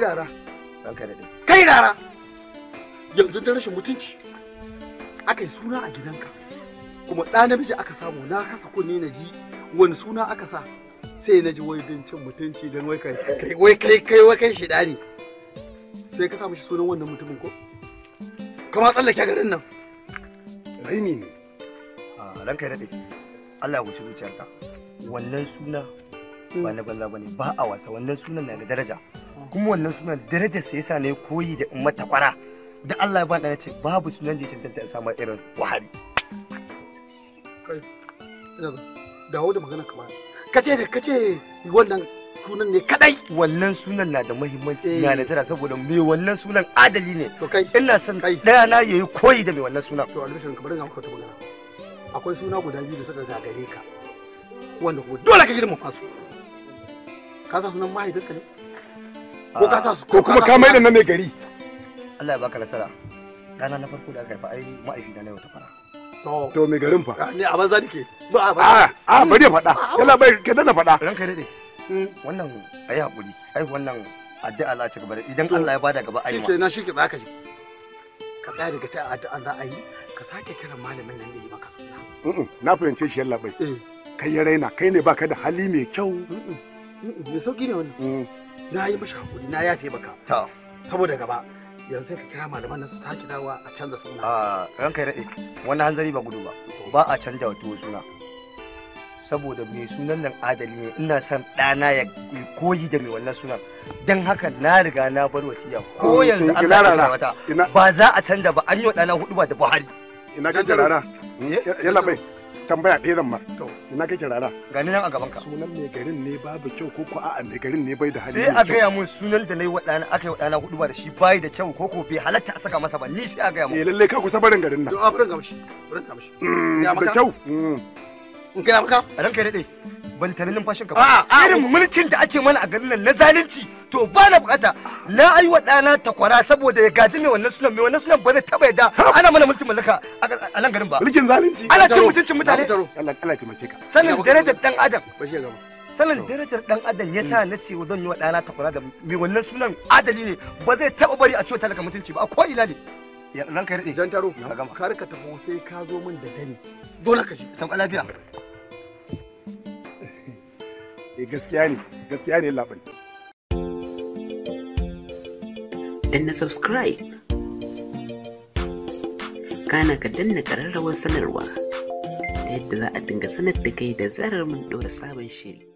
kai rara kai rara yanzu da rashin mutunci aka yi suna a gidanka kuma ɗa namiji aka samu na kasa kunne na ji wani suna aka sa sai na ji wai don cin mutunci don wai kai wai kai kai wai kai shida ne sai ka samu sunan wannan mutumin ko kama tsallake garin nan raini ne ah, ranka Allah ya wuce zuciyarka wannan suna ba mm. na banza bane ba a wasa wannan sunan na da daraja mm. kuma wannan sunan daraja sai yasa ne koyi da umma ta kwara da Allah ya ba na ce babu sunan da ya tantance samu irin wahali. dawo da magana kamar kace da kace wannan sunan ne kadai wannan sunan na da muhimmanci eh. na da tara saboda me wannan sunan adali ne to kai ina son daya na yayi koyi da me wannan sunan to albishirin ka bari ga maka ta magana akwai suna guda biyu da suka gagare ka wanda ko dole ka girmama su ka sa sunan mahaifinka ne ko ah. ka sa ko kuma ka mai da nan ne gari Allah ya baka nasara rana na farko da aka haifa ai ma'aikata na yau ta fara to me garin fa ah, ne a banza nake ba a a ah, hmm. bari ya fada yalla bai ka dana faɗa ranka dade hmm. wannan ayi hakuri ai wannan addu'a Allah ci gaba idan Allah ya bada gaba ai ma shikenan shike za ka ji ka tsaya daga ta addu'a za a yi ka sake kira malamin nan da yi maka sunna na fahimce shi yalla bai eh. kai ya raina kai ne baka da hali mai kyau me sauki ne wannan na yi mashi hakuri na yafe baka to saboda gaba yanzu ka kira malaman nan su taki dawa a canza suna a ranka daɗe wannan hanzari ba gudu ba ba a canja wato tuwo suna saboda mai sunan nan adali ne ina son ɗana ya koyi da mai wannan sunan don haka na riga na bar wasiya ko yanzu an lara mata ba za a canja ba an yi wa ɗana hudu ba da buhari ina kan jarara yalla bai tambaya ɗaya zan ma ina kake rara gani nan a gaban ka sunan mai garin ne babu kyau ko ko a'a mai garin ne bai da hali sai a gaya mun sunan da nayi wadana aka yi wadana hudu ba da shi bai da kyau ko ko bai halatta a saka masa ba ni sai a gaya mun eh lalle ka kusa barin garin nan to a barin gamshi barin gamshi mm, da kyau mm. in kai maka ranka dade ban tabi numfashin ka ba ah, ah, irin eh. mulkin da ake mana a garin nan na zalunci to ba na bukata na ayi wa dana takwara saboda ya gaji mai wannan sunan mai wannan sunan ba zai taba yadda ana mana mulkin mallaka a nan garin ba mulkin zalunci ana cin mutuncin mutane Allah taimake ka sanin darajar dan adam sanin darajar dan adam ya sa na ce zan yi wa ɗana takwara da mai wannan sunan adali ne ba zai taɓa bari a ciwo talaka mutunci ba a ko ina ne ya ranka rade jan taro kar ka taho sai ka zo min da dare dole ka ji sauka lafiya eh gaskiya ne gaskiya ne labai danna subscribe kana ka danna kararrawar sanarwa ta yadda za a dinga sanar da kai da zarar mun ɗora sabon shiri